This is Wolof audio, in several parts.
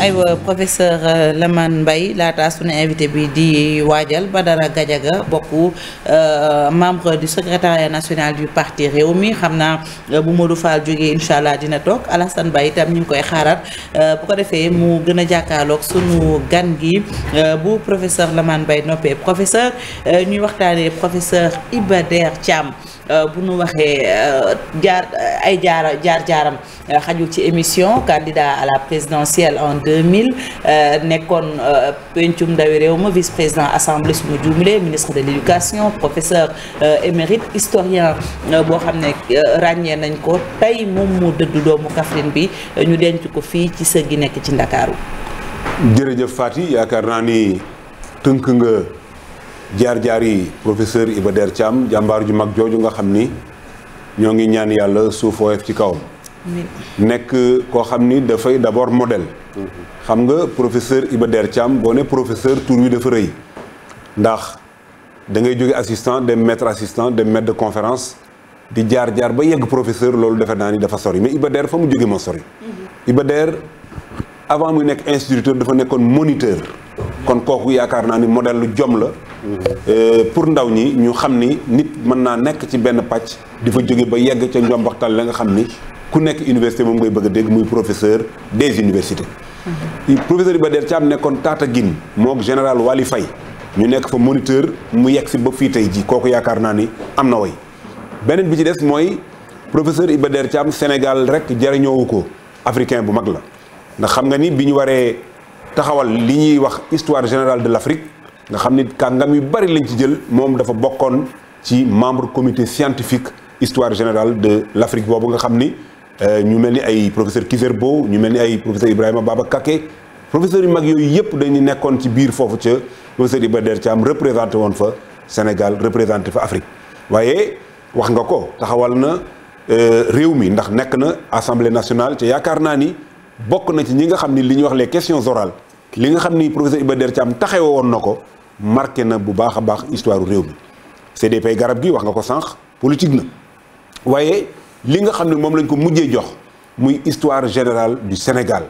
ay aywa professeur euh, Lamane Mbaye laata sunu invité bi di waajal ba Badara Gadiaga bokk euh, membre du secrétariat national du parti réew mi xam naa euh, bu Modou Fall jógee incha allah dina toog Alassane Mbaye itam ñu ngi koy xaaral bu ko defee mu gën a jàkkaarloog sunu gan gi bu professeur Lamane Mbaye noppee professeur ñuy waxtaanee professeur Iba Der Thiam. Euh, bu nu waxee euh, jaar euh, ay jaar jaar jaaram xajul ci émission candidat à la présidentielle en 2000 nekkoon pencum ndawi réew ma vice président assemblée su ma juumlee ministre de l'éducation professeur émérite historien boo xam ne ràññee nañ ko tey moom mu dëdd doomu Kaffrine bi ñu denc ko fii ci sër gi nekk ci Ndakaaru jërëjëf Faty yaakaar naa ni tënk nga jaar-jaar yi professeur Iba Der Thiam jàmbaar ju mag jooju nga xam ni ñoo ngi ñaan yàlla suuf woyof ci kawam nekk koo xam ni dafay d'abord modèle xam nga professeur Iba Der Thiam boo ne professeur tur wi dafa rëy ndax da ngay jóge assistant dem maître assistant dem maître de conférence di jaar-jaar ba yegg professeur loolu defe naa ni dafa sori mais Iba Der fa mu jóge ma sori Iba Der avant muy nekk instituteur dafa nekkoon moniteur kon kooku yaakaar naa ni modèle lu jom la Euh, pour ndaw ñi ñu xam ni nit mën naa nekk ci benn pàcc di fa jóge ba yegg ca njombaxtal la nga xam ni ku nekk université moom ngay bëgg a dégg muy professeur des universités mhm. professeur Iba Der Thiam nekkoon Tataguine mook général Wali Faye ñu nekk fa moniteur mu yegg si ba fii tey ji kooku yaakaar naa ni am na way beneen bi ci des mooy professeur Iba Der Thiam Sénégal rek jariñoowu ko africain bu mag la ndax xam nga ni bi ñu waree taxawal li ñuy wax histoire général de l'Afrique nga xam ni kàngam yu bari lañ ci jël moom dafa bokkoon ci membre comité scientifique histoire générale de l'Afrique boobu nga xam ni euh, ñu mel ni ay professeur Kizerbo ñu mel ni ay professeur Ibrahima Baba Kaké professeur yu mag yooyu yëpp dañu nekkoon ci biir foofu ca professeur Iba Der am représenté woon fa Sénégal représenté fa Afrique waaye wax nga ko taxawal na euh, réew mi ndax nekk na assemblée nationale te yaakaar naa ni bokk na ci ñi nga xam ni li ñuy wax les questions orales li nga xam ni professeur Iba Der Thiam taxawe woon na ko marqué na bu baax a baax histoire réew mi CDP garab gi wax nga ko sànq politique na waaye li nga xam ne moom lañ ko mujjee jox muy histoire général du Sénégal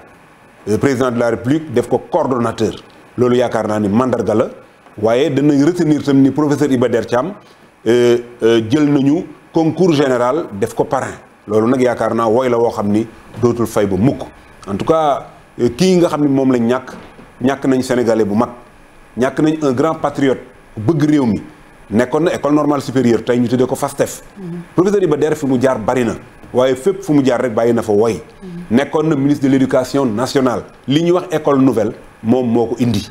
président de la République def ko coordonnateur loolu yaakaar naa ni màndarga la waaye danañ retenir tam ni professeur Iba Der Thiam euh, euh, jël nañu concours général def ko parrain loolu nag yaakaar naa woy la woo xam ni dootul fay ba mukk en tout cas euh, kii nga xam ni moom lañ ñàkk ñàkk nañ sénégalais bu mag ñàkk nañ un grand patriote bëgg réew mi nekkoon na école normale supérieure tey ñu tuddee ko FASTEF. Mhm. professeur Iba Der fi mu jaar bari na. waaye fépp fu mu jaar rek bàyyi na fa woy mhm. nekkoon na ministre de l' nationale. li ñuy wax école nouvelle moom moo ko indi.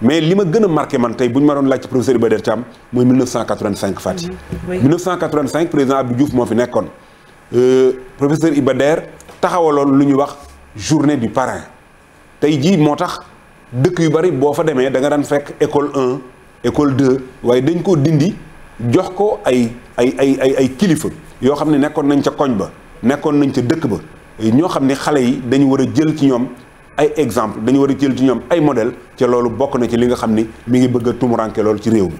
mais li ma gën a man tey bu ñu ma doon laaj ci professeur Iba Der Thiam mooy 1985 Fatick. Mhm. oui président Abdou Diouf moo fi nekkoon. Euh, professeur Iba taxawaloon lu ñu wax journée du parrain. tey jii moo tax. dëkk yu bari boo fa demee da nga daan fekk école un école deux waaye dañ koo dindi jox ko ay ay ay ay ay kilifa yoo xam ne nekkoon nañ ca koñ ba nekkoon nañ ca dëkk ba ñoo xam ne xale yi dañu war a jël ci ñoom ay exemple dañu war a jël ci ñoom ay modèle ca loolu bokk na ci li nga xam ni mi ngi bëgg a tumuranke loolu ci réew mi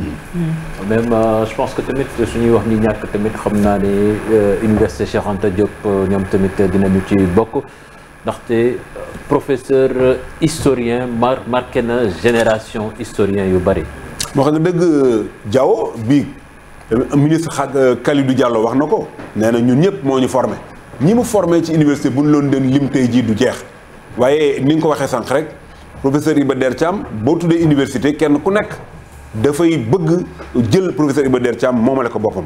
même euh, je pense que tamit suñuy wax ñi ñàkk tamit xam naa ne euh, université Cheikh Anta Diop euh, ñoom tamit dinañu ci bokk ndaxte euh, professeur euh, historien mar marqué na génération historien yu bëri. moo xam ne dëgg euh, Diaw bii ministre xag Kalidou Diallo wax na ko nee na ñun ñëpp moo ñu formé ñi mu formé ci université bu ñu loon den lim tey jii du jeex waaye ni nga ko waxee sànq rek professeur Iba Der Thiam boo tuddee université kenn ku nekk dafay bëgg jël professeur Iba Der moom moomale ko boppam.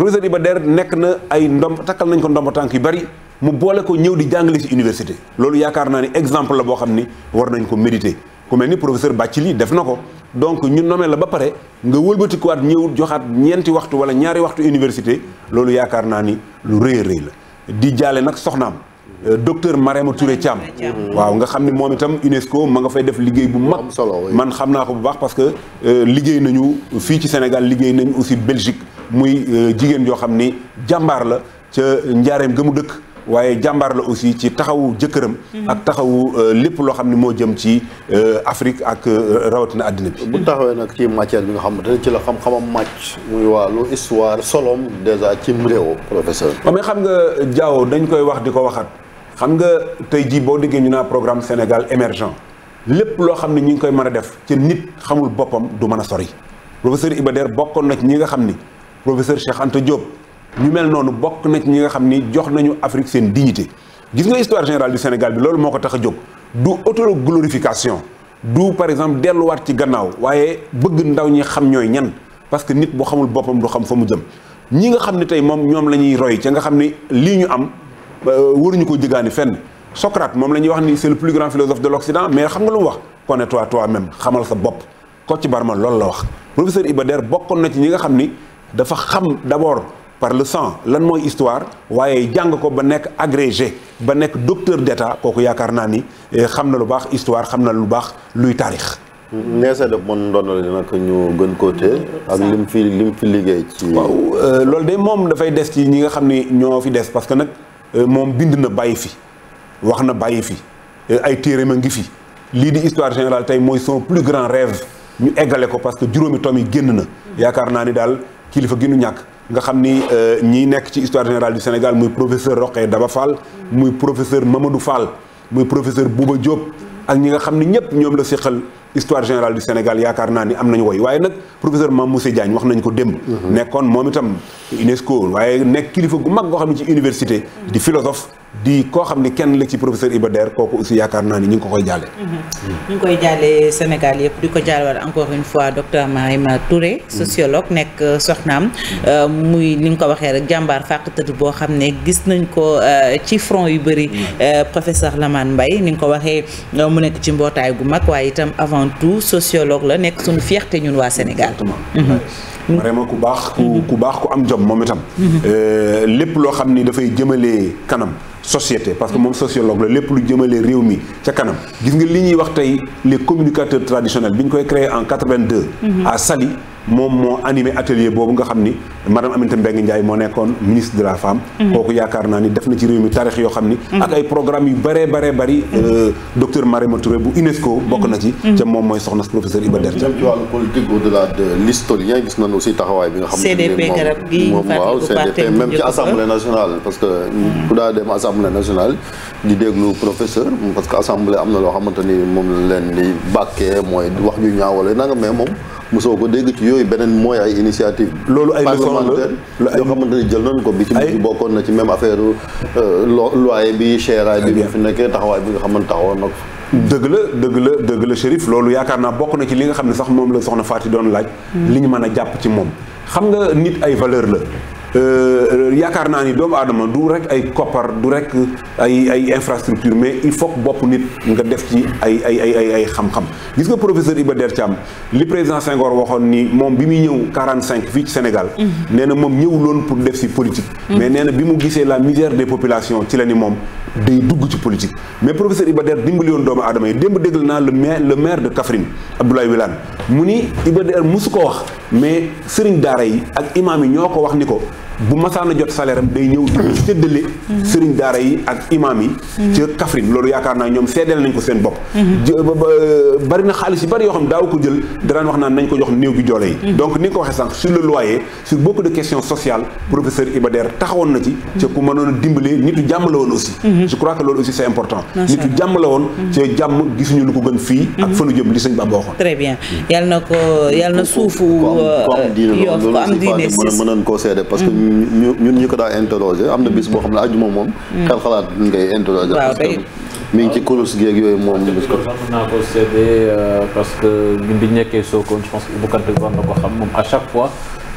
professeur Iba Der nekk na ay ndomb takkal nañ ko ndomb tànk yu bari mu boole ko ñëw di jàngale si université loolu yaakaar naa ni exemple la boo xam ni war nañ ko méditer ku mel ni bàcci lii def na ko donc ñu nommé la ba pare nga wëlbati wëlbatikuwaat ñëw joxaat ñeenti waxtu wala ñaari waxtu université loolu yaakaar naa ni lu rëy a rëy la di jaale nag soxnaam Euh, docteur Marème Touré Thiam. Mm. waaw nga xam ne moom itam UNESCO ma nga fay def liggéey bu mag. solo man xam naa ko bu baax parce que euh, liggéey nañu fii ci Sénégal liggéey nañu aussi Belgique muy euh, jigéen joo xam ni jàmbaar la ca njaareem mu dëkk. waaye jàmbaar la aussi ci taxawu jëkkëram. Mm-hmm. ak taxawu lépp loo xam ne moo jëm ci Afrique ak rawatina àddina bi. bu taxawee nag ci matière bi nga xamante ci la xam-xamam màcc muy wàllu histoire solom dèjà ci réew professeur. Oh, mais xam nga Diaw dañ koy wax di ko waxaat. xam nga tey jii boo diggee ñu naa programme Sénégal émergent lépp loo xam ne ñi ngi koy mën a def ci nit xamul boppam du mën a sori professeur Iba Der bokkoon na ci ñi nga xam ni professeur Cheikh Anta Diop ñu mel noonu bokk na ci ñi nga xam ni jox nañu Afrique seen dignité gis nga histoire générale du Sénégal bi loolu moo ko tax a jóg du autoglorification du par exemple delluwaat ci gannaaw waaye bëgg ndaw ñi xam ñooy ñan parce que nit bu xamul boppam du xam fa mu jëm ñi nga xam ne tey moom ñoom la ñuy roy ca nga xam ne lii ñu am Euh, waruñu ko jëgaani fenn Socrate moom la ñuy wax ni c'est le plus grand philosophe de l'Occident mais xam nga lu mu wax connais-toi toi-même xamal sa bopp Kocc Barma loolu la wax professeur bokkoon na ci ñi nga xam ni dafa xam d'abord par le sang lan mooy histoire waaye jàng ko ba nekk agrégé ba nekk docteur d'état kooku yaakaar naa ni eh, xam na lu baax histoire xam na lu baax luy taarix neesa def moon ndonale nag ñu gën côté ak lim fi lim fi liggéey ci waaw euh, loolu de moom dafay des ci ñi nga xam ni ñoo fi des parce que nag Euh, moom bind na bàyyi fi wax na bàyyi fi euh, ay téeréem a ngi fi lii di histoire générale tey mooy son plus grand rêve ñu eggale ko parce que juróomi tom yi génn na yaakaar naa ni daal kilifa gi ñàkk nga xam ni euh, ñi nekk ci histoire générale du Sénégal muy professeur Rokhaya Daba Fall muy professeur Mamadou Fall muy professeur Bouba Diop ak ñi nga xam ni ñëpp ñoom la séqal histoire générale du Sénégal yaakaar naa ni am nañu woy waaye nag professeur Mamoussé Diagne wax nañ ko démb mhm. nekkoon moom itam UNESCO waaye nekk kilifa gu mag goo xam ne ci université di philosophe di koo xam ni kenn la ci professeur Iba Der kooku ni ñu ko koy jàlle mhm. ñu ngi koy jàlle mhm. euh, euh, boo xam ne gis nañ ko euh, ci front yu bëri professeur Lamane Mbaye ni nga ko waxee mu nekk ci mbootaay gu mag waaye itam avant avant tout sociologue la nekk suñu fierté ñun waa Sénégal. Mhm. vraiment ku baax ku mhm. ku baax ku am jom moom itam. Mhm. Euh, lépp loo xam ni dafay jëmalee kanam société parce que moom sociologue la lépp lu jëmalee réew mi ca kanam gis nga li ñuy wax tey le communicateurs traditionnels bi ñu koy créé en 82. a Saly. moom moo animé atelier boobu nga xam ni madame Aminata Mbengue Ndiaye moo nekkoon ministre de la femme mm-hmm. kooku yaakaar naa ni def na ci réew mi taarix yoo xam ni mm-hmm. ak ay programme yu bëree bëree bëri euh, docteur Marema Touré bu UNESCO bokk na ci mm-hmm. ca moom mooy soxna professeur Iba Der Thiam ci wàllu politique au delà de l'historien gis nañu aussi assemblée nationale parce que ku daa dem assemblée nationale di déglu professeur parce que assemblée am na loo xamante ni moom leen di bàkkee mooy wax ju ñaawale nanga mais moom mosoo ko dégg ci yooyu beneen mooy ay initiative loolu ay parlementaire yoo xamante ni jël nañ ko bi ci mujj bokkoon na ci même affaire euh, loyer bi cheraay bi bi fi nekkee taxawaay bi nga xamante taxawoon na ko dëgg la dëgg la dëgg la Chérif loolu yaakaar naa bokk na ci li nga xam ne sax moom la soxna Faty doon laaj hmm. li ñu mën a jàpp ci moom xam nga nit ay valeur la Euh, yaakaar naa ni doomu aadama du rek ay koppar du rek ay ay infrastructure mais il faut bopp nit nga def ci ay ay ay ay xam-xam gis nga professeur Iba Der Thiam li président Senghor waxoon ni moom bi mu ñëw 45 fii ci Sénégal. Mhm. nee na moom ñëwuloon pour def si politique. Mhm. mais nee na bi mu gisee la misère des populations ci la ni moom. day dugg ci politique mais professeur Iba Der dimbali woon doomu aadama yi démb déglu naa le maire le maire de Kaffrine Abdoulaye Wilane mu ni Iba Der musu ko wax mais sëriñ daara yi ak imaam yi ñoo ko wax ni ko bu masaana jot salaire am day ñëw di séddale sëriñ daara yi ak imam yi ca Kaffrine loolu yaakaar naa ñoom seedeel nañ ko seen bopp bari na xaalis yi bari yoo xam daaw ko jël daraan wax naan nañ ko jox néew bi doole yi mm-hmm. donc ni nga ko waxee sànq sur le loyer sur beaucoup de questions sociales professeur Iba taxawoon na ci ca ku mënoon a dimbalee nitu jàmm la woon aussi mm-hmm. je crois que loolu aussi c'est important nitu jàmm la woon mm-hmm. ca jàmm gisuñu lu ko gën fii ak fanu jëm ñu ñu ko daa interroger am na bis boo xam ne ajuma moom. Mm. xel xalaat bi ñu koy mi ngi ci kurus gi ak yooyu moom. bis ko ko séddee euh, parce que ñun bi ñu nekkee Sokone je pense que Ibou Kante war na xam moom à chaque fois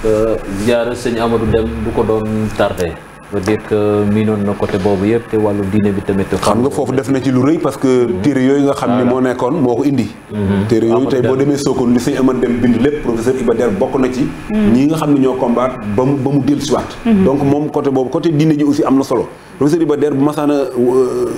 euh, ziyaara sëñ Amadou Deme du ko doon tardé. veut dire que miinoon na côté boobu yëpp te wàllu diine bi tamit. xam nga foofu def na ci lu rëy parce que. téere yooyu nga xam ne moo nekkoon moo ko indi. Mhm. téere yooyu tey boo demee Sokone li sëñ Amad dem bind lépp professeur Iba Der bokk na ci. Mhm. ñii nga xam ne ñoo combattre ba mu ba mu dellusiwaat. Mhm. donc moom côté am na solo professeur Iba bu masaana euh,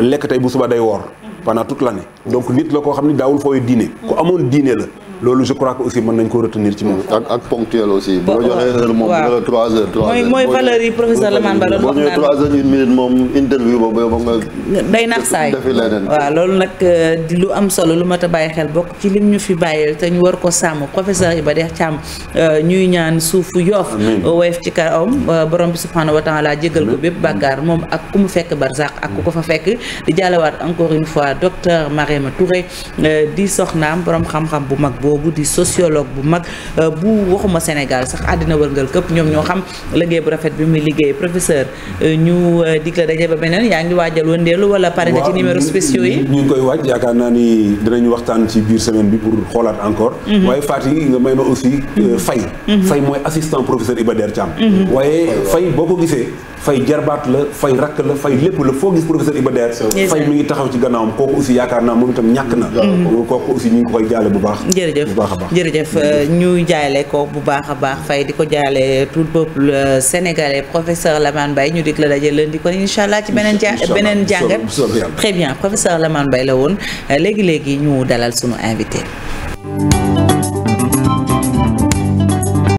lekk tey bu suba day woor. pendant toute l'année donc nit la koo xam ne daawul fooy diine. ku amoon diine la. loolu je crois que aussi mën nañ ko retenir ci moom. ak ak ponctuel aussi. boo joxee heure moom nga la 3 heures. 3 mooy valeur yi professeur Ba boo 3 moom interview boobu yow nga. day nax saay defi loolu nag di euh, lu am solo lu mat a bàyyi xel bokk ci lim ñu fi bàyyil te ñu war ko sàmm professeur ba dee Thiam euh, ñuy ñaan suufu yoof woyof ci kawam euh, borom bi subhaanahu wa taala jégal ko bépp bàkkaar moom ak ku mu fekk barzaq ak ku ko fa fekk di jàllewaat encore une fois docteur Marème Touré di soxna borom xam-xam bu mag boobu di sociologue bu mag euh, bu waxuma Sénégal sax àddina wërngal këpp ñoom ñoo xam liggéey bu rafet bi muy liggéey professeur euh, ñu euh, dig la daje ba beneen yaa ngi waajal wëndeelu wala pare nga ci numéro spéciaux yi ñu koy waaj yaakaar naa ni dinañu waxtaan ci biir semaine bi pour xoolaat encore mhm. waaye Faty nga may ma aussi mhm. Faye mhm. Faye mooy assistant professeur Iba Der waaye Faye boo ko gisee fay jarbaat la fay rakk la fay lépp la foo gis professeur Iba Der fay mi ngi taxaw ci gannaawam kooku aussi yaakaar naa moom itam ñàkk na mm-hmm. kooku aussi ñu ngi koy jaale bu baax jërëjëf bu baax ñu jaale ko bu baax a baax fay di ko jaale tout peuple euh, sénégalais professeur Lamane Baye ñu dig la daje lundi kon incha allah ci beneen ja beneen jàngat très bien professeur Lamane Baye la woon euh, léegi-léegi ñu dalal sunu invité